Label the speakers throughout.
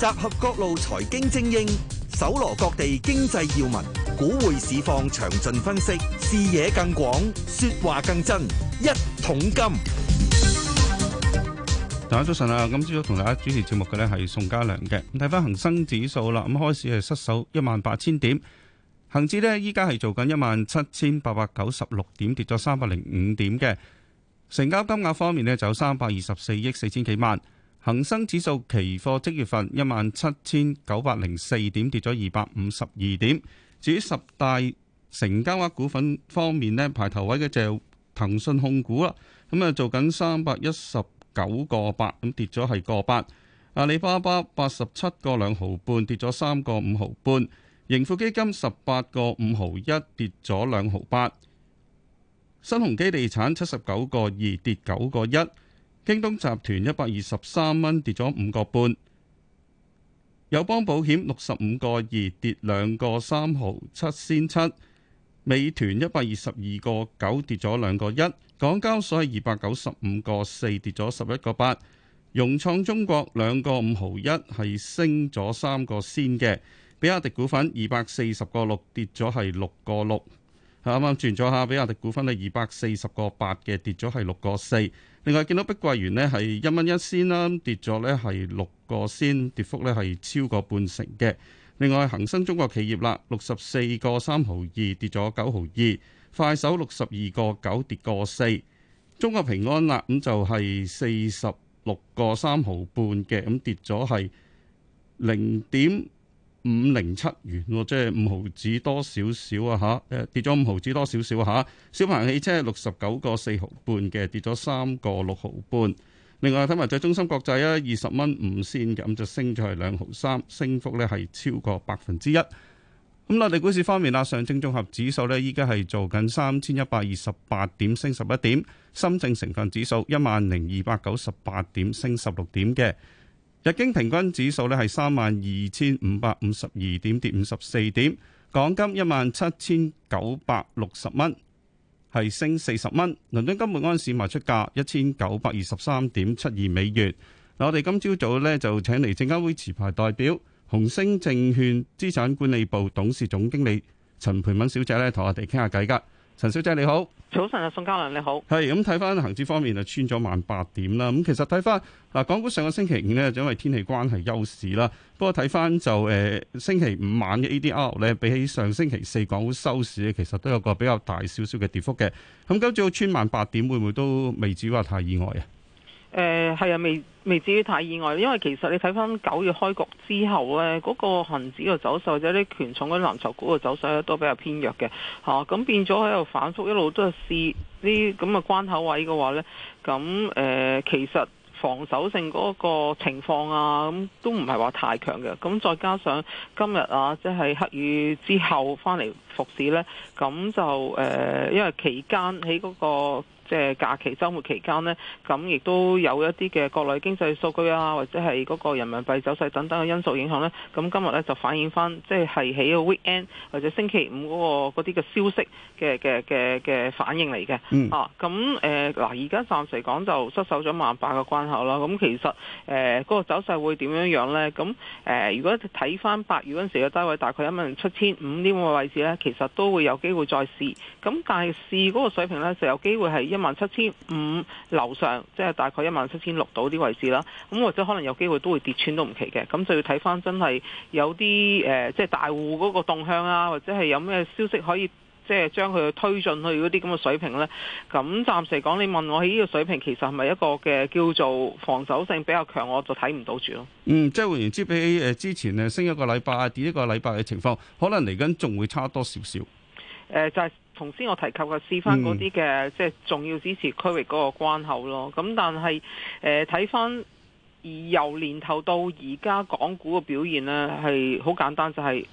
Speaker 1: 集合各路財經精英，搜羅各地經濟要聞，股匯市況詳盡分析，視野更
Speaker 2: 廣，說話更真，一桶金。
Speaker 1: 大家早晨啊！今朝早同大家主持節目嘅呢係宋家良嘅。睇翻恒生指數啦，咁開始係失守一萬八千點，恒指呢，依家係做緊一萬七千八百九十六點，跌咗三百零五點嘅。成交金額方面呢，就有三百二十四億四千幾萬。恒生指數期貨即月份一萬七千九百零四點，跌咗二百五十二點。至於十大成交額股份方面呢，排頭位嘅就騰訊控股啦，咁啊做緊三百一十九個八，咁跌咗係個八。阿里巴巴八十七個兩毫半，跌咗三個五毫半。盈富基金十八個五毫一，跌咗兩毫八。新鴻基地產七十九個二，跌九個一。京東集團一百二十三蚊跌咗五個半，友邦保險六十五個二跌兩個三毫七先七，美團一百二十二個九跌咗兩個一，港交所係二百九十五個四跌咗十一個八，融創中國兩個五毫一係升咗三個先嘅，比亞迪股份二百四十個六跌咗係六個六。啱啱轉咗下，比亞迪股份呢係二百四十個八嘅，跌咗係六個四。另外見到碧桂園呢係一蚊一仙啦，跌咗呢係六個仙，跌幅呢係超過半成嘅。另外恒生中國企業啦，六十四個三毫二跌咗九毫二。快手六十二個九跌個四。中國平安啦，咁就係四十六個三毫半嘅，咁跌咗係零點五零七元，即係五毫子多少少啊吓，誒、呃、跌咗五毫子多少少吓。小鵬汽車六十九個四毫半嘅，跌咗三個六毫半。另外睇埋最中芯國際啊，二十蚊五仙咁就升咗係兩毫三，升幅咧係超過百分之一。咁啦，內地、嗯、股市方面啦，上證綜合指數呢，依家係做緊三千一百二十八點，升十一點；深證成分指數一萬零二百九十八點,升點，升十六點嘅。日經平均指數咧係三萬二千五百五十二點，跌五十四點。港金一萬七千九百六十蚊，係升四十蚊。倫敦金每盎司賣出價一千九百二十三點七二美元。嗱，我哋今朝早咧就請嚟證監會持牌代表、紅星證券資產管理部董事總經理陳培敏小姐咧，同我哋傾下偈噶。陳小姐你好，早晨啊，宋嘉良你好，係咁睇翻恒指方面就穿咗萬八點啦。咁其實睇翻嗱，港股上個星期五呢，就因為天氣關係休市啦。不過睇翻就誒、呃，星期五晚嘅 ADR 咧，比起上星期四港股收市嘅，其實都有個比較大少少嘅跌幅嘅。咁今朝穿萬八點，會唔會都未至於話太意外啊？
Speaker 3: 誒係啊，未未、呃、至於太意外，因為其實你睇翻九月開局之後呢，嗰、那個恆指嘅走勢，或者啲權重嗰啲藍籌股嘅走勢都比較偏弱嘅嚇。咁、啊、變咗喺度反覆一路都係試啲咁嘅關口位嘅話呢。咁誒、呃、其實防守性嗰個情況啊，咁都唔係話太強嘅。咁再加上今日啊，即、就、係、是、黑雨之後翻嚟復市呢，咁就誒、呃，因為期間喺嗰、那個。即係假期週末期間呢，咁亦都有一啲嘅國內經濟數據啊，或者係嗰個人民幣走勢等等嘅因素影響呢。咁今日呢，就反映翻，即係喺個 weekend 或者星期五嗰、嗰個嗰啲嘅消息嘅嘅嘅嘅反應嚟嘅。Mm. 啊，咁誒嗱，而、呃、家暫時嚟講就失守咗萬八嘅關口啦。咁其實誒嗰、呃嗰個走勢會點樣樣呢？咁誒、呃、如果睇翻八月嗰陣時嘅低位，大概一萬七千五呢個位置呢，其實都會有機會再試。咁但係試嗰個水平呢，就有機會係一。萬七千五樓上，即係大概一萬七千六到啲位置啦。咁或者可能有機會都會跌穿都唔奇嘅。咁就要睇翻真係有啲誒，即係大戶嗰個動向啊，或者係有咩消息可以即係將佢推進去嗰啲咁嘅水平呢。咁暫時講，你問我喺呢個水平其實係咪一個嘅叫做防守性比較強，我就睇唔到住咯。
Speaker 1: 嗯，即係換言之，比起之前升一個禮拜跌一個禮拜嘅情況，可能嚟緊仲會差多少少。
Speaker 3: 誒、呃、就係、是。頭先我提及嘅試翻嗰啲嘅，即係重要支持區域嗰個關口咯。咁但係，誒睇翻由年頭到而家港股嘅表現呢，係好簡單就係。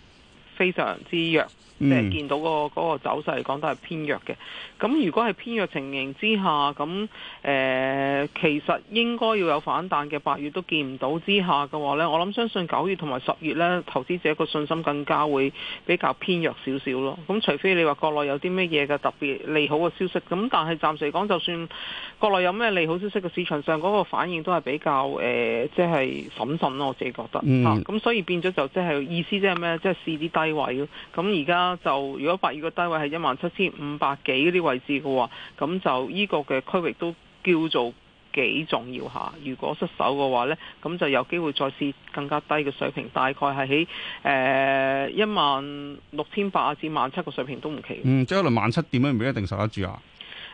Speaker 3: 非常之弱，
Speaker 1: 即、呃、誒見
Speaker 3: 到、那個嗰、那個走勢嚟講都係偏弱嘅。咁如果係偏弱情形之下，咁誒、呃、其實應該要有反彈嘅八月都見唔到之下嘅話呢，我諗相信九月同埋十月呢，投資者個信心更加會比較偏弱少少咯。咁除非你話國內有啲咩嘢嘅特別利好嘅消息，咁但係暫時講就算國內有咩利好消息，嘅市場上嗰、那個反應都係比較誒，即係審慎咯。我自己覺得咁、嗯啊、所以變咗就即、就、係、是、意思即係咩？即、就、係、是、試啲低。低位咁而家就如果八月個低位係一萬七千五百幾啲位置嘅話，咁就呢個嘅區域都叫做幾重要下，如果失手嘅話呢，咁就有機會再試更加低嘅水平，大概係喺誒一萬六千八至萬七嘅水平都唔奇、嗯。
Speaker 1: 即係可能萬七點樣唔一定守得住啊？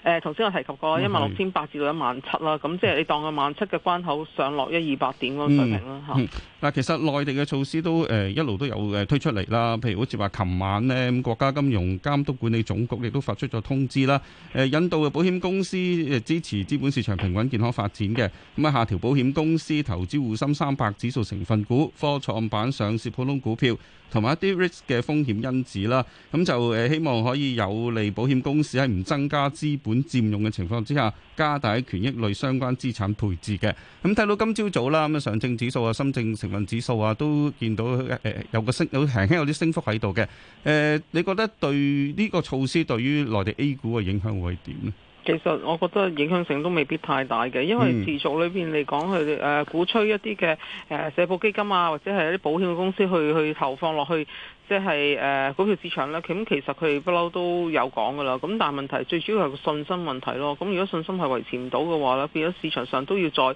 Speaker 3: 誒、呃，頭先我提及過一萬六千八至到一萬七啦，咁即係你當個萬七嘅關口上落一二百點嗰個水平啦吓。嗯
Speaker 1: 嗱，其實內地嘅措施都誒、呃、一路都有誒推出嚟啦，譬如好似話，琴晚呢國家金融監督管理總局亦都發出咗通知啦，誒、呃、引導嘅保險公司誒支持資本市場平穩健康發展嘅，咁、嗯、啊下調保險公司投資滬深三百指數成分股、科創板上市普通股票同埋一啲 risk 嘅風險因子啦，咁、嗯嗯、就誒希望可以有利保險公司喺唔增加資本佔用嘅情況之下，加大喺權益類相關資產配置嘅。咁、嗯、睇到今朝早啦，咁、嗯、上證指數啊、深證成指數啊，都見到誒、呃，有個升有輕輕有啲升幅喺度嘅。誒、呃，你覺得對呢個措施對於內地 A 股嘅影響會係點咧？
Speaker 3: 其實我覺得影響性都未必太大嘅，因為持續裏邊嚟講，佢哋、呃、誒鼓吹一啲嘅誒社保基金啊，或者係一啲保險公司去去投放落去，即係誒股票市場咧。咁其實佢哋不嬲都有講噶啦。咁但係問題最主要係個信心問題咯。咁如果信心係維持唔到嘅話咧，變咗市場上都要再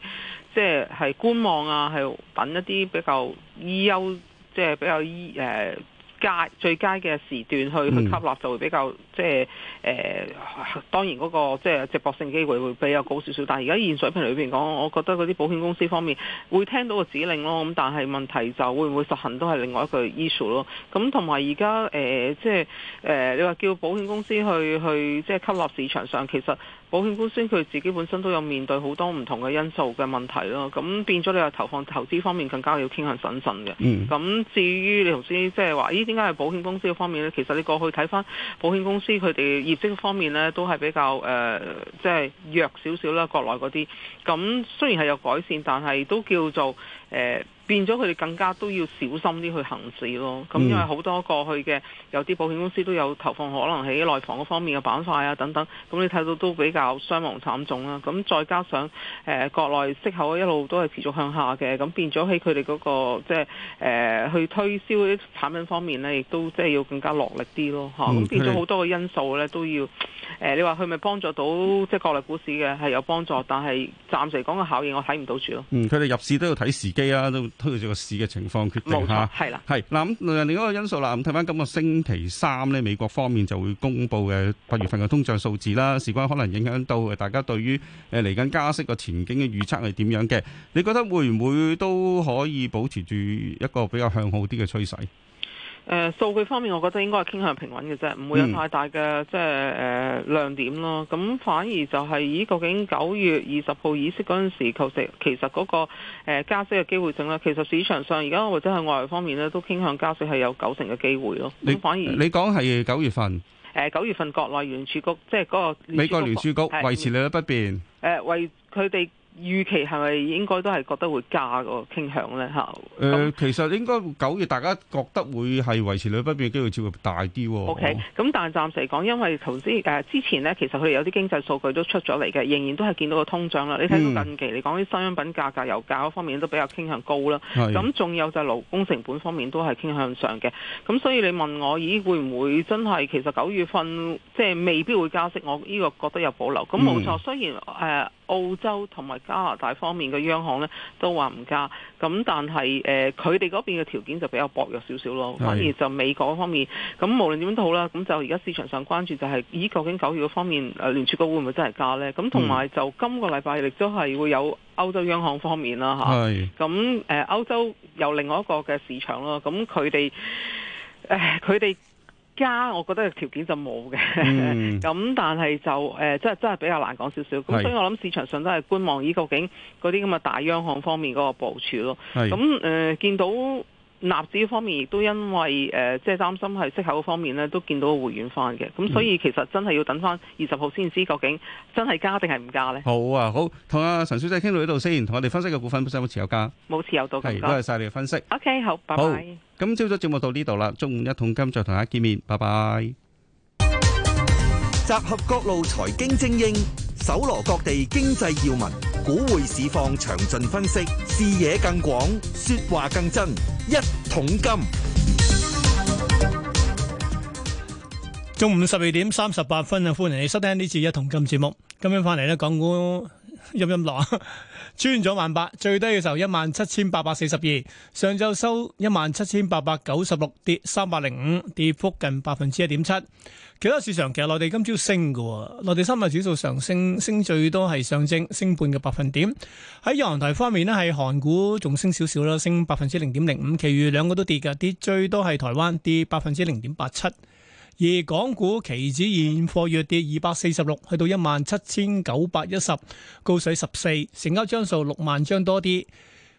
Speaker 3: 即係係觀望啊，係等一啲比較優優，即係比較優誒佳最佳嘅時段去去吸納就會比較。嗯即係誒，當然嗰、那個即係值博性機會會比較高少少，但係而家現水平裏邊講，我覺得嗰啲保險公司方面會聽到個指令咯。咁但係問題就會唔會實行都係另外一個 issue 咯。咁同埋而家誒，即係誒，你話叫保險公司去去即係、就是、吸納市場上，其實保險公司佢自己本身都有面對好多唔同嘅因素嘅問題咯。咁變咗你話投放投資方面更加要傾向審慎嘅。咁、嗯、至於你頭先即係話，咦？點解係保險公司方面呢？其實你過去睇返保險公司。啲佢哋業績方面咧，都係比較誒，即係弱少少啦。國內嗰啲，咁雖然係有改善，但係都叫做誒。呃變咗佢哋更加都要小心啲去行事咯，咁、嗯、因為好多過去嘅有啲保險公司都有投放可能喺內房嗰方面嘅板塊啊等等，咁你睇到都比較傷亡慘重啦、啊。咁再加上誒、呃、國內息口一路都係持續向下嘅，咁變咗喺佢哋嗰個即係誒去推銷啲產品方面呢，亦都即係要更加落力啲咯，嚇咁、嗯、變咗好多個因素咧都要誒、呃，你話佢咪幫助到即係國內股市嘅係有幫助，但係暫時嚟講嘅考驗我睇唔到住
Speaker 1: 咯。佢哋、嗯、入市都要睇時機啊。都。推住個市嘅情況決定嚇，係啦，係嗱。咁另外，另一個因素啦，咁睇翻今個星期三咧，美國方面就會公布嘅八月份嘅通脹數字啦，事關可能影響到誒大家對於誒嚟緊加息個前景嘅預測係點樣嘅？你覺得會唔會都可以保持住一個比較向好啲嘅趨勢？
Speaker 3: 誒、呃、數據方面，我覺得應該係傾向平穩嘅啫，唔會有太大嘅即係亮點咯。咁反而就係、是、咦，究竟九月二十號議息嗰陣時，其實其實嗰個、呃、加息嘅機會性呢？其實市場上而家或者係外圍方面呢，都傾向加息係有九成嘅機會咯。你反而你
Speaker 1: 講係九月份？
Speaker 3: 誒九、呃、月份國內原聯儲局即係嗰個美國聯儲局維持
Speaker 1: 利率不變。
Speaker 3: 誒、呃呃、為佢哋。預期係咪應該都係覺得會加個傾向呢？嚇、啊？誒、嗯，
Speaker 1: 其實應該九月大家覺得會係維持兩不變嘅機會，似乎大啲喎。O K，
Speaker 3: 咁但係暫時嚟講，因為頭先誒之前呢，其實佢哋有啲經濟數據都出咗嚟嘅，仍然都係見到個通脹啦。你睇到近期嚟講啲商品價格、油價嗰方面都比較傾向高啦。咁仲是 有就係勞工成本方面都係傾向上嘅。咁、嗯、所以你問我，咦會唔會真係其實九月份即係、就是、未必會加息？我呢個覺得有保留。咁冇錯，嗯、雖然誒。呃澳洲同埋加拿大方面嘅央行呢都話唔加，咁但係誒佢哋嗰邊嘅條件就比較薄弱少少咯，是反而就美國方面，咁無論點都好啦，咁就而家市場上關注就係、是、咦究竟九月嗰方面，聯儲局會唔會真係加呢，咁同埋就今個禮拜亦都係會有歐洲央行方面啦吓，咁誒歐洲有另外一個嘅市場咯，咁佢哋誒佢哋。呃而家我覺得條件就冇嘅，咁、嗯、 但係就誒，即、呃、係真係比較難講少少。咁是所以我諗市場上都係觀望依究竟嗰啲咁嘅大央行方面嗰個部署咯。咁誒是、嗯呃，見到。納指方面，亦都因為誒，即、呃、係擔心係息口方面咧，都見到回軟翻嘅。咁所以其實真係要等翻二十號先知，究竟真係加定係唔加呢？
Speaker 1: 好啊，好，同阿陳小姐傾到呢度先，同我哋分析嘅股份本身有冇持有加？
Speaker 3: 冇持有到咁多。多謝
Speaker 1: 晒你嘅分析。O、
Speaker 3: okay, K，好，拜拜。好，
Speaker 1: 咁朝早節目到呢度啦。中午一桶金再同大家見面，拜拜。集合各路財經精英，搜羅各地經濟要聞，股匯市況詳盡分
Speaker 2: 析，視野更廣，說話更真。一桶金，中午十二點三十八分啊！歡迎你收聽呢次《一桶金》節目。今日翻嚟咧，講古音音樂啊！穿咗萬八，最低嘅時候一萬七千八百四十二，上晝收一萬七千八百九十六，跌三百零五，跌幅近百分之一點七。其他市場其實內地今朝升嘅，內地三大指數上升，升最多係上證升，升半嘅百分點。喺日韓台方面呢係韓股仲升少少啦，升百分之零點零五，其餘兩個都跌嘅，跌最多係台灣跌百分之零點八七。而港股期指現貨月跌二百四十六，去到一萬七千九百一十，高水十四，成交張數六萬張多啲。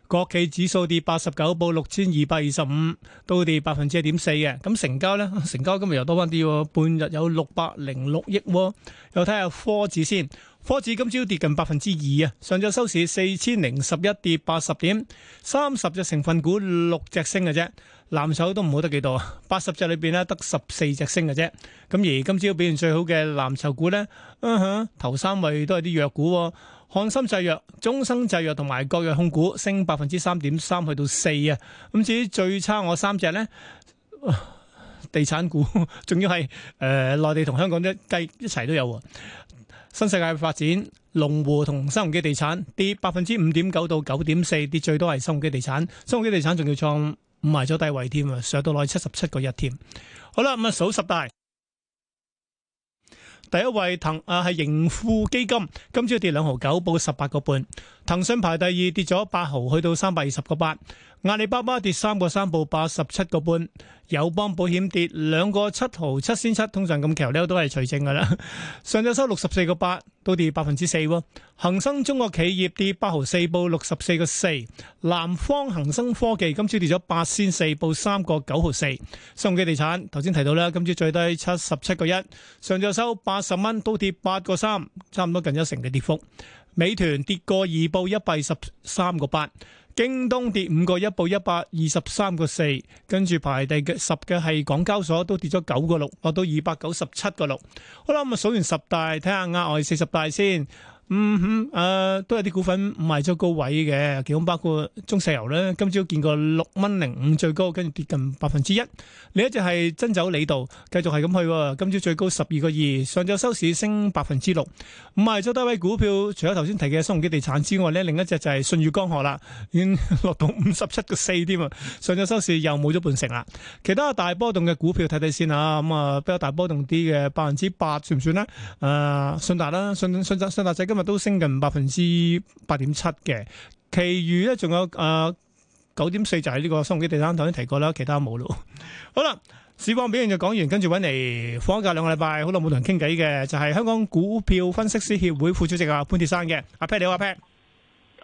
Speaker 2: 國企指數跌八十九，報六千二百二十五，都跌百分之一點四嘅。咁成交咧，成交今日又多翻啲喎，半日有六百零六億喎。又睇下科指先，科指今朝跌近百分之二啊，上晝收市四千零十一跌八十點，三十隻成分股六隻升嘅啫。藍籌都唔好得幾多啊，八十隻裏邊咧得十四隻升嘅啫。咁而今朝表現最好嘅藍籌股咧，頭三位都係啲藥股，翰森製藥、中生製藥同埋國藥控股升百分之三點三，去到四啊。咁至於最差我三隻咧，地產股仲要係誒內地同香港一計一齊都有新世界發展、龍湖同新鴻基地產跌百分之五點九到九點四，跌最多係新鴻基地產，新鴻基地產仲要創。唔埋咗低位添啊，上到落去七十七個一添。好啦，咁啊數十大，第一位騰啊係盈富基金，今朝跌兩毫九，報十八個半。騰訊排第二，跌咗八毫，去到三百二十個八。阿里巴巴跌三個三，報八十七個半。友邦保險跌兩個七毫，七先七，通常咁橋，呢都係除正㗎喇。上晝收六十四個八，都跌百分之四喎。恒生中國企業跌八毫四，報六十四個四。南方恒生科技今朝跌咗八先四，報三個九毫四。新鴻基地產頭先提到啦，今朝最低七十七個一，上晝收八十蚊，都跌八個三，差唔多近一成嘅跌幅。美團跌過二，報一百二十三個八；京東跌五個一，報一百二十三個四，跟住排第嘅十嘅係港交所，都跌咗九個六，落到二百九十七個六。好啦，咁啊數完十大，睇下額外四十大先。嗯哼，誒，都有啲股份賣咗高位嘅，其中包括中石油咧，今朝見過六蚊零五最高，跟住跌近百分之一。另一隻係珍酒李渡，繼續係咁去，今朝最高十二個二，上晝收市升百分之六。賣咗低位股票，除咗頭先提嘅新鴻基地產之外咧，另一隻就係信譽江河啦，已經落到五十七個四添啊！上晝收市又冇咗半成啦。其他大波動嘅股票睇睇先吓，咁啊比較大波動啲嘅百分之八算唔算咧？誒，信達啦，信信信達仔今。都升近百分之八點七嘅，其餘咧仲有，誒九點四就喺、是、呢個生物科技地產頭先提過啦，其他冇咯。 好啦，市況表現就講完，跟住搵嚟放咗假兩個禮拜，好耐冇同人傾偈嘅，就係、是、香港股票分析師協會副主席啊潘鐵山嘅阿 Pat，你好阿 Pat。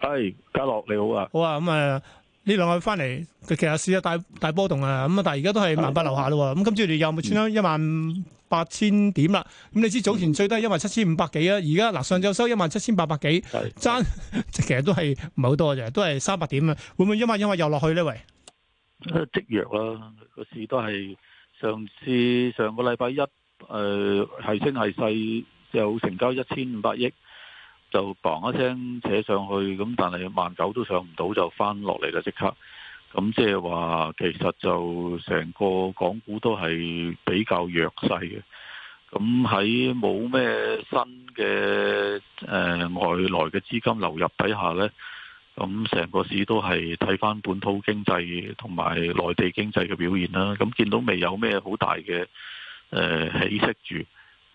Speaker 4: 係，嘉樂你
Speaker 2: 好啊。好啊，咁啊呢兩個翻嚟，佢其實市啊大大波動啊，咁啊但係而家都係萬八樓下咯，咁跟住你有冇穿咗一萬？八千點啦，咁你知早前最低係一萬七千五百幾啊，而家嗱上晝收一萬七千八百幾，爭是其實都係唔係好多嘅，都係三百點啊，會唔會因為，因為又落去呢？喂、
Speaker 4: 啊，積弱啦，個市都係上次上個禮拜一，誒係升係細，有成交一千五百億，就嘣一聲扯上去，咁但係萬九都上唔到，就翻落嚟啦，即刻。咁即係話，其實就成個港股都係比較弱勢嘅。咁喺冇咩新嘅誒、呃、外來嘅資金流入底下呢，咁成個市都係睇返本土經濟同埋內地經濟嘅表現啦。咁見到未有咩好大嘅誒、呃、起色住，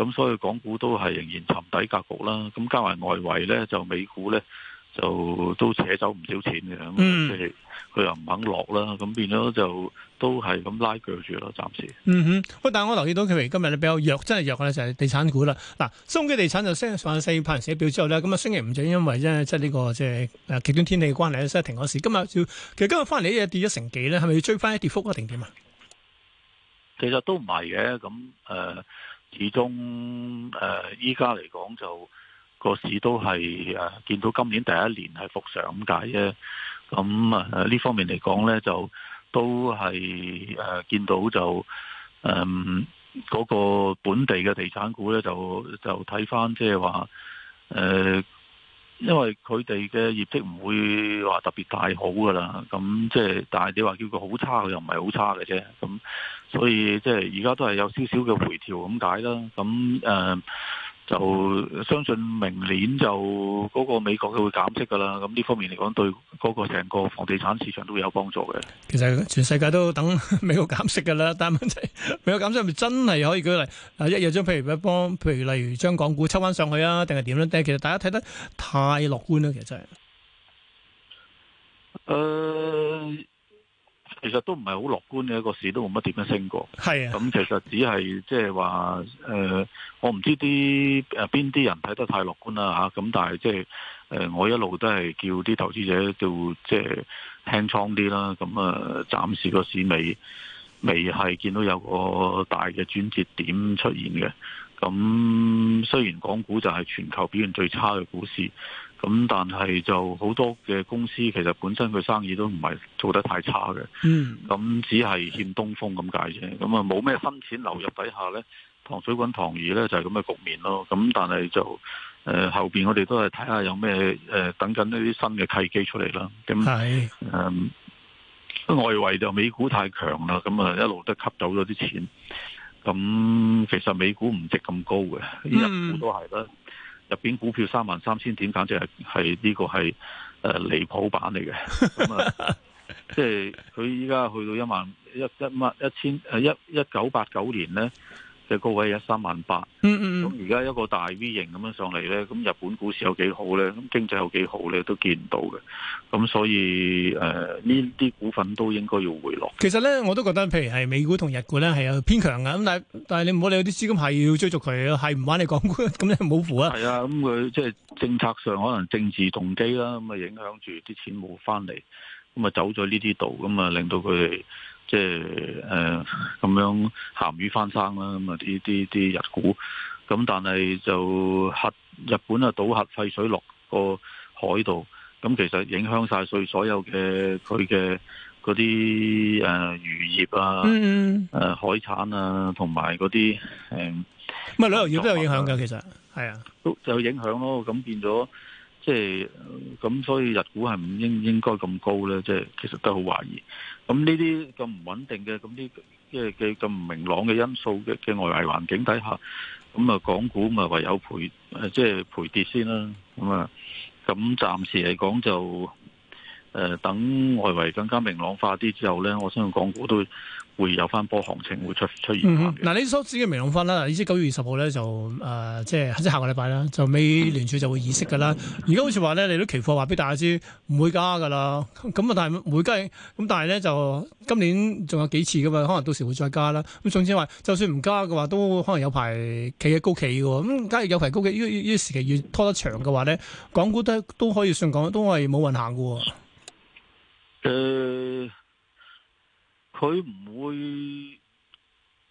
Speaker 4: 咁所以港股都係仍然沉底格局啦。咁加埋外圍呢，就美股呢。就都扯走唔少錢嘅咁，即係佢又唔肯落啦，咁變咗就都係咁拉鋸住咯，暫時。嗯
Speaker 2: 哼，喂，但係我留意到佢哋今日比較弱，真係弱嘅就係地產股啦。嗱，中基地產就星期四派人寫表之後咧，咁啊星期五就因為咧即係、這、呢個即係、這、極、個、端天氣嘅關係咧，即係停咗市。今日要，其實今日翻嚟已經跌咗成幾咧，係咪要追翻一跌幅啊？定點啊？
Speaker 4: 其實都唔係嘅，咁誒、呃，始終誒依家嚟講就。個市都係誒、啊，見到今年第一年係復常，咁解啫。咁啊，呢、啊、方面嚟講呢，就都係誒、啊，見到就嗯，嗰、啊那個本地嘅地產股呢，就就睇返即係話誒，因為佢哋嘅業績唔會話特別大好噶啦。咁即係，但係你話叫佢好差又唔係好差嘅啫。咁、啊、所以即係而家都係有少少嘅回調咁解啦。咁誒。啊就相信明年就嗰個美國佢會減息噶啦，咁呢方面嚟講，對嗰個成個房地產市場都有幫助嘅。
Speaker 2: 其實全世界都等美國減息噶啦，但係問題美國減息係咪真係可以舉例？啊，一日將譬如一幫，譬如例如將港股抽翻上去啊，定係點咧？但係其實大家睇得太樂觀啦，其實真係。
Speaker 4: 誒。其實都唔係好樂觀嘅一個市，都冇乜點樣升過。係啊，咁其實只係即係話，誒、呃，我唔知啲誒邊啲人睇得太樂觀啦吓。咁、啊、但係即係，誒、呃，我一路都係叫啲投資者叫即係輕倉啲啦。咁啊，暫時個市未未係見到有個大嘅轉折點出現嘅。咁、啊、雖然港股就係全球表現最差嘅股市。咁但係就好多嘅公司，其實本身佢生意都唔係做得太差嘅。嗯。咁只係欠東風咁解啫。咁啊，冇咩新錢流入底下咧，糖水滾糖魚咧就係咁嘅局面咯。咁但係就誒、呃、後邊我哋都係睇下有咩誒、呃、等緊呢啲新嘅契機出嚟啦。咁係。是嗯，外圍就美股太強啦，咁啊一路都吸走咗啲錢。咁其實美股唔值咁高嘅，呢日股都係啦。嗯入邊股票三萬三千點，簡直係係呢個係誒、呃、離譜版嚟嘅。咁
Speaker 2: 啊、嗯，
Speaker 4: 即係佢依家去到一萬一一萬一千誒一一,一九八九年咧。即係高位一三萬八，
Speaker 2: 咁
Speaker 4: 而家一個大 V 型咁樣上嚟咧，咁日本股市有幾好咧？咁經濟有幾好咧？都見唔到嘅，咁所以誒呢啲股份都應該要回落。
Speaker 2: 其實咧，我都覺得，譬如係美股同日股咧，係有偏強嘅，咁但但係你唔好理資，有啲資金係要追逐佢，係唔玩你港股，咁你冇符
Speaker 4: 啊。係啊，咁、嗯、佢即係政策上可能政治動機啦，咁啊影響住啲錢冇翻嚟，咁啊走咗呢啲度，咁啊令到佢。即係誒，咁、呃、樣鹹魚翻生啦，咁啊啲啲啲日股，咁但係就核日本啊，倒核廢水落個海度，咁其實影響晒晒所有嘅佢嘅嗰啲誒漁業啊，嗯，嗯，誒、啊、海產啊，同埋嗰啲誒，咁、嗯、啊、嗯、旅遊業都有影響嘅，其
Speaker 2: 實係啊，
Speaker 4: 都有影響咯，咁變咗。即係咁，就是、所以日股係唔應應該咁高呢。即、就、係、是、其實都好懷疑。咁呢啲咁唔穩定嘅，咁啲即係嘅咁唔明朗嘅因素嘅嘅外圍環境底下，咁啊港股咪唯有賠，即、就、係、是、賠跌先啦。咁啊，咁暫時嚟講就誒、呃、等外圍更加明朗化啲之後呢，我相信港股都會，會有翻波行情會出出現
Speaker 2: 嗱、嗯嗯、你所指嘅明朗化啦，意思九月二十號咧就誒，即係即下個禮拜啦，就美聯儲就會議息噶啦。而家好似話咧，你都期貨話俾大家知唔會加噶啦，咁啊但係唔會加，咁但係咧就今年仲有幾次噶嘛，可能到時會再加啦。咁總之話，就算唔加嘅話，都可能有排企喺高企嘅。咁假如有排高企，呢呢個時期越拖得長嘅話咧，港股都都可以信講，都係冇運行嘅。
Speaker 4: 誒、呃。佢唔會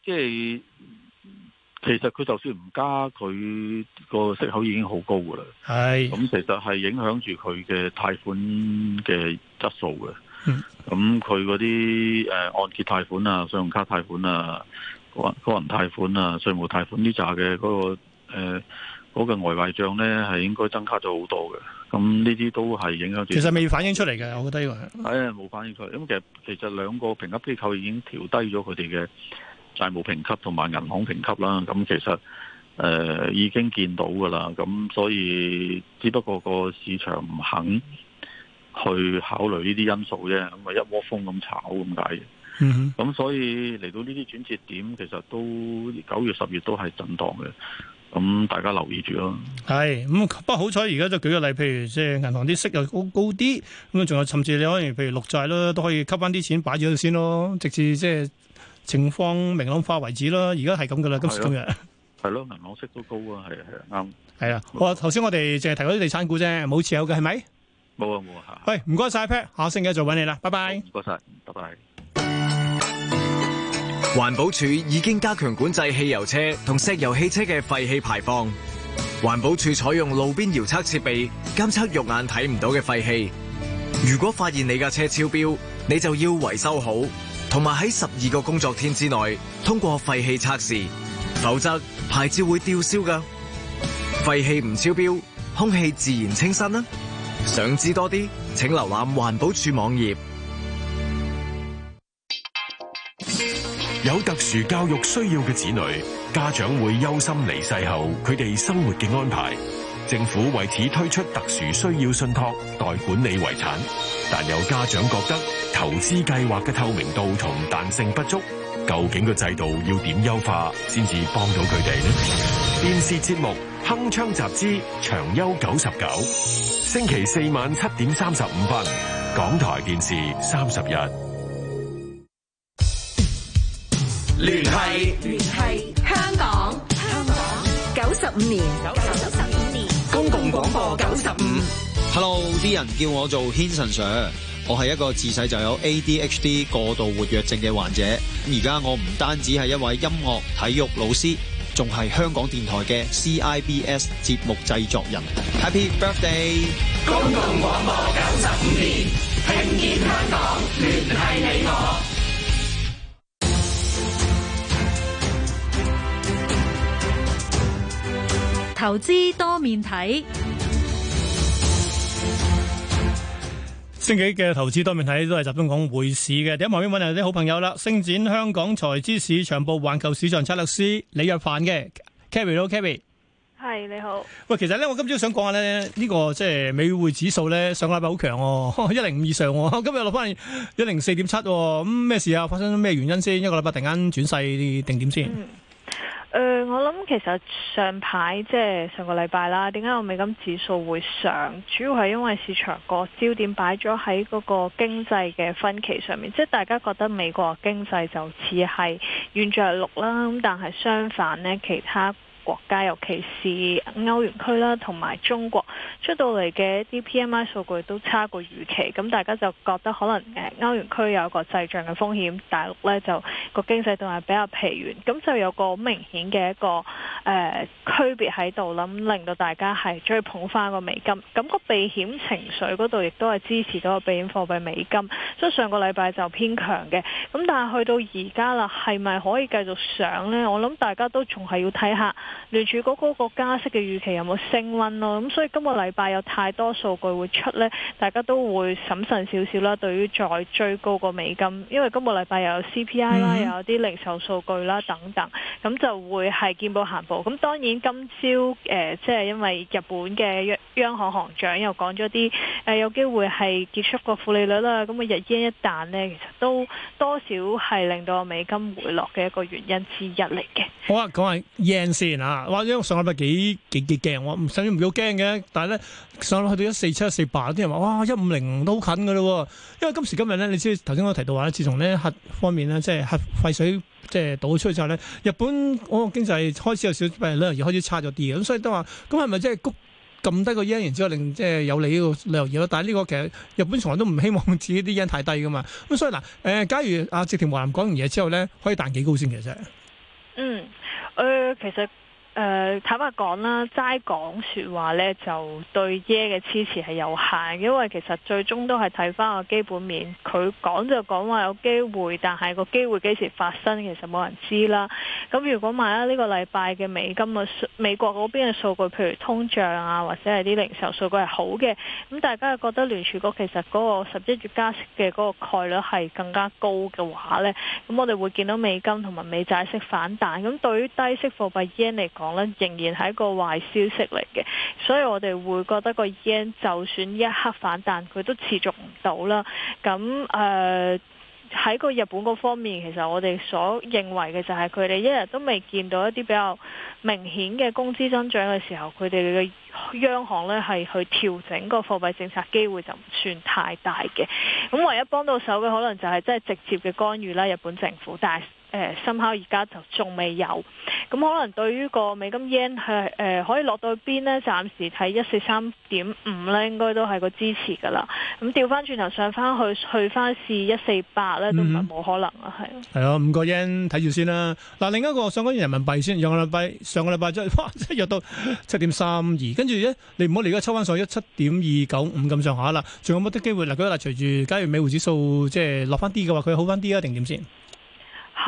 Speaker 4: 即係，其實佢就算唔加，佢個息口已經好高噶啦。係的，咁其實係影響住佢嘅貸款嘅質素嘅。咁佢嗰啲誒按揭貸款啊、信用卡貸款啊、個個人貸款啊、稅務貸款呢扎嘅嗰個、呃嗰個外匯賬咧係應該增加咗好多嘅，咁呢啲都係影響住。其實未反
Speaker 2: 映出嚟嘅，我覺得
Speaker 4: 呢個係。係啊、哎，冇反映出嚟。咁其實其實兩個評級機構已經調低咗佢哋嘅債務評級同埋銀行評級啦。咁其實誒、呃、已經見到噶啦。咁所以只不過個市場唔肯去考慮呢啲因素啫。咁咪一窩蜂咁炒咁解嘅。咁、嗯、哼所以嚟到呢啲轉折點，其實都九月十月都係震盪嘅。咁大家留意住咯。
Speaker 2: 係，咁不過好彩而家就舉個例，譬如即係銀行啲息又好高啲，咁仲有甚至你可能譬如綠債咯，都可以吸翻啲錢擺住咗先咯，直至即係情況明朗化為止咯。而家係咁噶啦，的今時今日。係咯，
Speaker 4: 銀行息都高
Speaker 2: 啊，係啊係啊，啱。係啊的，好我頭先我哋淨係提嗰啲地產股啫，冇持有嘅係咪？
Speaker 4: 冇啊冇啊
Speaker 2: 吓。喂，唔該晒 Pat，下星期再搵你啦，拜拜。唔該晒，拜拜。環保署已經加強管制汽油車同石油汽車嘅廢氣排放。環保署採用路邊遙測設備監測肉眼睇唔到嘅廢氣。如果發現你架車超標，你就要維修好，同埋喺十二個工作天之內通過廢氣測試，否則牌照會吊銷㗎。廢氣唔超標，空氣自然清新啦。想知多啲，請瀏覽環保署網頁。有特殊教育需要嘅子女，家長會憂心離世後佢哋生活嘅安排。政府為此推出特殊需要信託代管理遺產，但有家長覺得投資計劃嘅透明度同彈性不足。究竟個制度要點優化先至幫到佢哋呢？電視節目《鏗鏘集資》長休九十九，星期四晚七點三十五分，港台電視三十日。聯繫聯繫係香港香港九十五年九十九十五年,年公共廣播九十五，Hello，啲人叫我做 Hanson Sir，我係一個自細就有 ADHD 過度活躍症嘅患者。而家我唔單止係一位音樂體育老師，仲係香港電台嘅 CIBS 節目製作人。Happy Birthday！公共廣播九十五年，聽見香港聯繫你我。
Speaker 5: 投資多面睇，星期
Speaker 2: 嘅投資多面睇都係集中講匯市嘅。第一，外邊揾嚟啲好朋友啦，星展香港財資市場部環球市場策略師李若凡嘅，Kerry 你好，Kerry，係
Speaker 5: 你好。
Speaker 2: 喂，其實咧我今朝想講下咧、這個、呢個即係美匯指數咧上個禮拜好強哦，一零五以上、哦，今日落翻一零四點七，咁咩事啊？發生咩原因先？一個禮拜突然間轉勢定點先？
Speaker 5: 誒、呃，我諗其實上排即係上個禮拜啦，點解我美金指數會上？主要係因為市場個焦點擺咗喺嗰個經濟嘅分歧上面，即係大家覺得美國經濟就似係軟著陸啦。咁但係相反呢，其他國家尤其是歐元區啦，同埋中國出到嚟嘅一啲 P M I 數據都差過預期，咁大家就覺得可能誒歐元區有一個滯脹嘅風險，大陸呢就個經濟仲係比較疲軟，咁就有個好明顯嘅一個誒、呃、區別喺度啦，令到大家係追捧翻個美金，咁、那個避險情緒嗰度亦都係支持到個避險貨幣美金，所以上個禮拜就偏強嘅，咁但係去到而家啦，係咪可以繼續上呢？我諗大家都仲係要睇下。聯儲局嗰個加息嘅預期有冇升溫咯？咁、嗯、所以今個禮拜有太多數據會出咧，大家都會審慎少少，少啦。對於再追高個美金，因為今個禮拜又有 CPI 啦，嗯、又有啲零售數據啦等等，咁就會係見步行步。咁當然今朝誒、呃，即係因為日本嘅央央行行長又講咗啲誒，有機會係結束個負利率啦。咁啊，日圓一彈呢，其實都多少係令到美金回落嘅一個原因之一嚟嘅。
Speaker 2: 好啊，講下圓先。啊，或者我上禮拜幾幾幾驚，我唔甚至唔叫驚嘅，但係咧上落去到一四七、一四八，啲人話哇一五零都好近嘅咯，因為今時今日咧，你知頭先我提到話自從呢核方面咧，即係核廢水即係倒出之後咧，日本嗰個經濟開始有少少旅遊業開始差咗啲，咁所以都話咁係咪即係谷咁低個 yen，然之後令即係有利呢個旅遊業？但係呢個其實日本從來都唔希望自己啲 yen 太低嘅嘛，咁所以嗱誒，假如阿直田茂林講完嘢之後咧，可以彈幾高先其實？
Speaker 5: 嗯，誒其實。誒、呃、坦白講啦，齋講說話呢就對耶嘅支持係有限，因為其實最終都係睇翻個基本面。佢講就講話有機會，但係個機會幾時發生，其實冇人知啦。咁如果買咗呢個禮拜嘅美金嘅美國嗰邊嘅數據，譬如通脹啊，或者係啲零售數據係好嘅，咁大家覺得聯儲局其實嗰個十一月加息嘅嗰個概率係更加高嘅話呢，咁我哋會見到美金同埋美債息反彈。咁對於低息貨幣耶嚟講，仍然係一個壞消息嚟嘅，所以我哋會覺得個 yen 就算一刻反彈，佢都持續唔到啦。咁誒喺個日本嗰方面，其實我哋所認為嘅就係佢哋一日都未見到一啲比較明顯嘅工資增長嘅時候，佢哋嘅央行呢係去調整個貨幣政策機會就唔算太大嘅。咁唯一幫到手嘅可能就係真係直接嘅干預啦，日本政府，但係。誒，幸好而家就仲未有，咁、嗯、可能對於個美金 yen 係誒可以落到邊呢？暫時睇一四三點五呢，應該都係個支持噶啦。咁調翻轉頭上翻去去翻試一四八呢，都唔係冇可能、嗯、啊，係。
Speaker 2: 係啊，五個 yen 睇住先啦。嗱、啊，另一個想講人民幣先，上個禮拜上個禮拜即係即係入到七點三二，跟住咧你唔好嚟，而家抽翻上一七點二九五咁上下啦。仲有冇得機會嗱？佢嗱，隨住假如美匯指數即係落翻啲嘅話，佢好翻啲啊？定點先？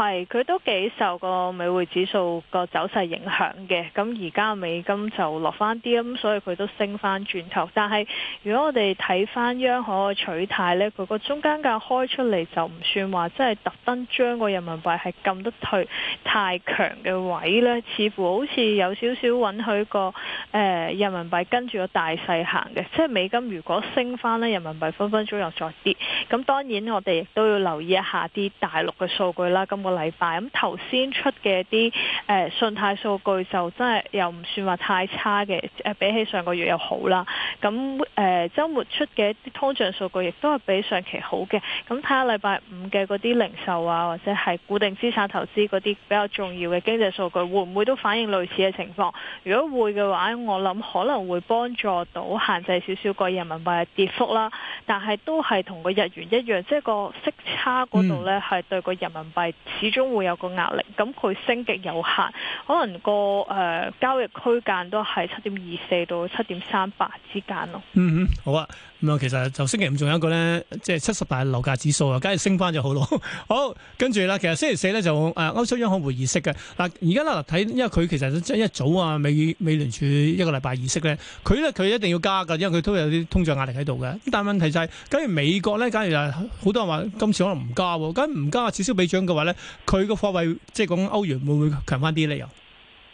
Speaker 5: 係，佢 都幾受個美匯指數個走勢影響嘅。咁而家美金就落翻啲，咁所以佢都升翻轉頭。但係如果我哋睇翻央行嘅取態呢，佢個中間價開出嚟就唔算話真係特登將個人民幣係撳得退太，太強嘅位呢，似乎好似有少少允許、個誒、uh, 人民幣跟住個大勢行嘅。即係美金如果升翻呢，人民幣分分鐘又再跌。咁當然我哋亦都要留意一下啲大陸嘅數據啦。今個禮拜咁頭先出嘅啲誒信貸數據，就真係又唔算話太差嘅，誒，比起上個月又好啦。咁誒週末出嘅一啲通脹數據，亦都係比上期好嘅。咁睇下禮拜五嘅嗰啲零售啊，或者係固定資產投資嗰啲比較重要嘅經濟數據，會唔會都反映類似嘅情況？如果會嘅話，我諗可能會幫助到限制少少個人民幣嘅跌幅啦。但係都係同個日元一樣，即係個息差嗰度呢，係對個人民幣始終會有個壓力。咁佢升極有限，可能個誒交易區間都係七點二四到七點三八之間。
Speaker 2: 嗯嗯，好啊。咁啊，其實就星期五仲有一個咧，即係七十大樓價指數啊，梗係升翻就好咯。好，跟住啦，其實星期四咧就誒、呃、歐洲央行會議息嘅嗱，而家啦睇，因為佢其實一早啊美美聯儲一個禮拜會議息咧，佢咧佢一定要加噶，因為佢都有啲通脹壓力喺度嘅。但係問題就係，假如美國咧，假如好多人話今次可能唔加，加，咁唔加此消彼長嘅話咧，佢個貨幣即係講歐元會唔會強翻啲咧又？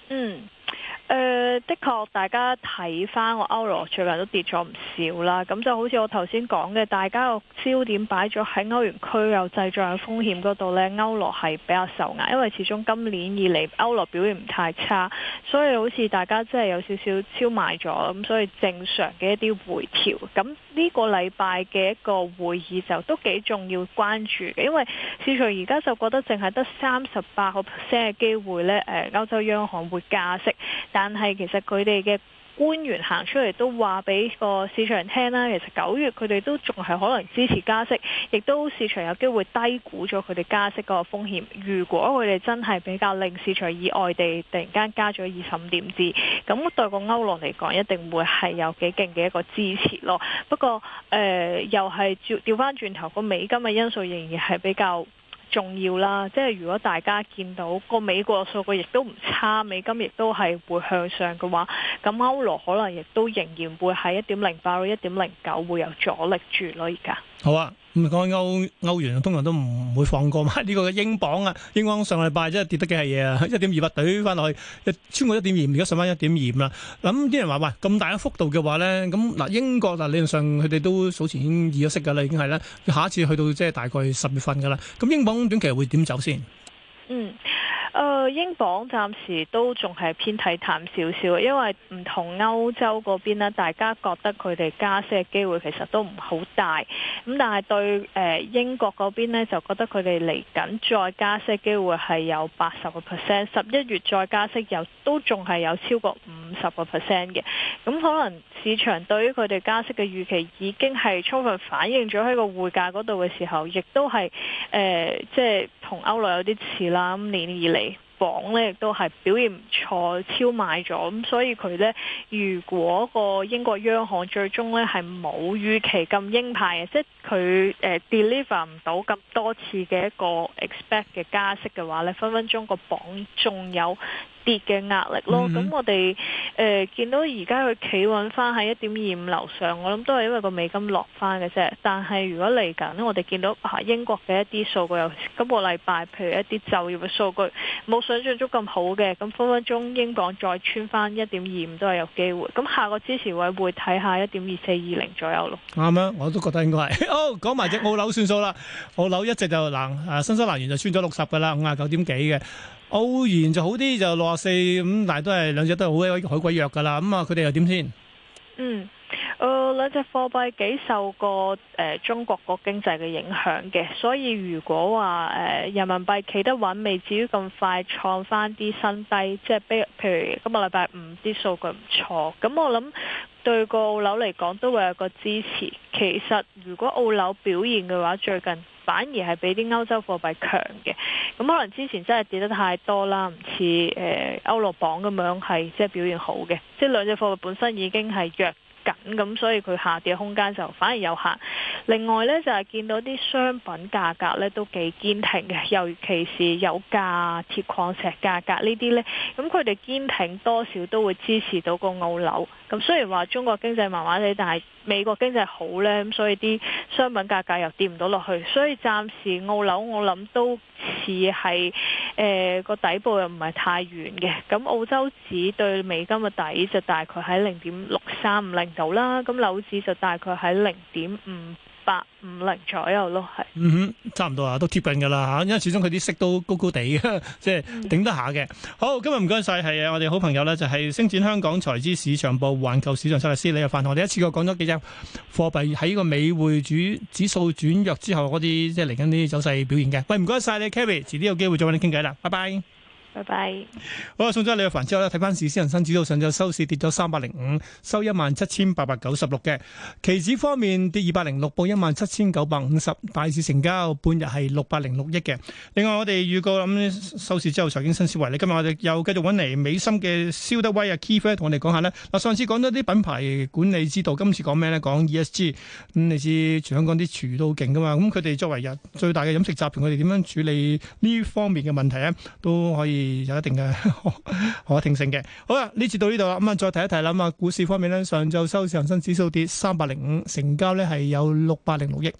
Speaker 5: 嗯。誒、呃，的確，大家睇翻我歐羅最近都跌咗唔少啦。咁就好似我頭先講嘅，大家個焦點擺咗喺歐元區有製造風險嗰度呢，歐羅係比較受壓，因為始終今年以嚟歐羅表現唔太差，所以好似大家真係有少少超賣咗，咁所以正常嘅一啲回調。咁呢個禮拜嘅一個會議就都幾重要關注嘅，因為市場而家就覺得淨係得三十八個 percent 嘅機會呢，誒，歐洲央行會加息。但係其實佢哋嘅官員行出嚟都話俾個市場聽啦，其實九月佢哋都仲係可能支持加息，亦都市場有機會低估咗佢哋加息嗰個風險。如果佢哋真係比較令市場意外地突然間加咗二十五點子，咁對個歐羅嚟講一定會係有幾勁嘅一個支持咯。不過誒、呃，又係調調返轉頭，個美金嘅因素仍然係比較重要啦，即係如果大家見到個美國數據亦都唔差，美金亦都係會向上嘅話，咁歐羅可能亦都仍然會喺一點零八到一點零九會有阻力住咯。而家
Speaker 2: 好啊。唔講歐歐元，通常都唔會放過嘛。呢個嘅英鎊啊，英鎊上個禮拜真係跌得幾係嘢啊！一點二八兌翻落去，超過一點二，而家上翻一點二五啦。咁啲人話喂，咁大嘅幅度嘅話咧，咁嗱英國嗱理論上佢哋都數前已經預咗息㗎啦，已經係啦。下一次去到即係大概十月份㗎啦。咁英鎊短期會點走先？嗯。
Speaker 5: 誒、呃，英鎊暫時都仲係偏睇淡少少，因為唔同歐洲嗰邊呢，大家覺得佢哋加息嘅機會其實都唔好大。咁但係對誒、呃、英國嗰邊呢，就覺得佢哋嚟緊再加息機會係有八十個 percent，十一月再加息又都仲係有超過五十個 percent 嘅。咁可能市場對於佢哋加息嘅預期已經係充分反映咗喺個匯價嗰度嘅時候，亦都係誒、呃，即係同歐羅有啲似啦，今年以嚟。榜咧亦都係表現唔錯，超賣咗，咁，所以佢咧如果個英國央行最終咧係冇預期咁鷹派嘅，即係佢誒 deliver 唔到咁多次嘅一個 expect 嘅加息嘅話咧，分分鐘個榜仲有。跌嘅壓力咯，咁、嗯、哼我哋誒、呃、見到而家佢企穩翻喺一點二五樓上，我諗都係因為個美金落翻嘅啫。但係如果嚟緊，我哋見到、啊、英國嘅一啲數據，有今個禮拜譬如一啲就業嘅數據冇想象中咁好嘅，咁分分鐘英鎊再穿翻一點二五都係有機會。咁下個支持位會睇下一點二四二零左右
Speaker 2: 咯。啱啊，我都覺得應該係。 哦，講埋隻澳樓算數啦，澳樓一直就嗱、啊，新西蘭元就穿咗六十嘅啦，五十九點幾嘅。澳元就好啲，就六四咁，但係都係兩隻都係好鬼好鬼弱噶啦。咁啊，佢哋又點先？
Speaker 5: 嗯，誒，兩隻貨幣幾受個誒、呃、中國個經濟嘅影響嘅，所以如果話誒、呃、人民幣企得穩，未至於咁快創翻啲新低，即係比譬如今個禮拜五啲數據唔錯，咁我諗對個澳紐嚟講都會有個支持。其實如果澳紐表現嘅話，最近反而係比啲歐洲貨幣強嘅。咁可能之前真係跌得太多啦，唔似誒歐羅榜咁樣係即係表現好嘅，即係兩隻貨幣本身已經係弱緊咁，所以佢下跌空間就反而有限。另外呢，就係、是、見到啲商品價格呢都幾堅挺嘅，尤其是油價、鐵礦石價格呢啲呢，咁佢哋堅挺多少都會支持到個澳紐。咁雖然話中國經濟麻麻地，但係美國經濟好呢，咁所以啲商品價格又跌唔到落去，所以暫時澳紐我諗都似係誒個底部又唔係太遠嘅。咁澳洲紙對美金嘅底就大概喺零點六三五零度啦，咁紐紙就大概喺零點五
Speaker 2: 百五零左右咯，係，嗯哼，差唔多啊，都貼近噶啦吓，因為始終佢啲息都高高地嘅，即係頂得下嘅。好，今日唔該晒，係啊，我哋好朋友咧就係、是、星展香港財資市場部環球市場策略師李日凡，我哋一次過講咗幾隻貨幣喺個美匯主指數轉弱之後嗰啲，即係嚟緊啲走勢表現嘅。喂，唔該晒你，Carrie，遲啲有機會再揾你傾偈啦，拜拜。拜拜。好啦，送咗李若凡之後呢，睇翻市先，恒生指數上晝收市跌咗三百零五，收一萬七千八百九十六嘅。期指方面跌二百零六，報一萬七千九百五十。大市成交半日係六百零六億嘅。另外，我哋預告咁收市之後財經新思維你今日我哋又繼續搵嚟美心嘅蕭德威啊，Kiff 同我哋講下呢。嗱、啊，上次講咗啲品牌管理之道，今次講咩咧？講 ESG、嗯。咁你知全香港啲廚都勁噶嘛？咁佢哋作為人最大嘅飲食集團，佢哋點樣處理呢方面嘅問題咧？都可以。有一定嘅可定性嘅，好啦，呢次到呢度啦，咁啊，再提一提啦，咁啊，股市方面咧，上晝收市恒生指數跌三百零五，成交咧係有六百零六億。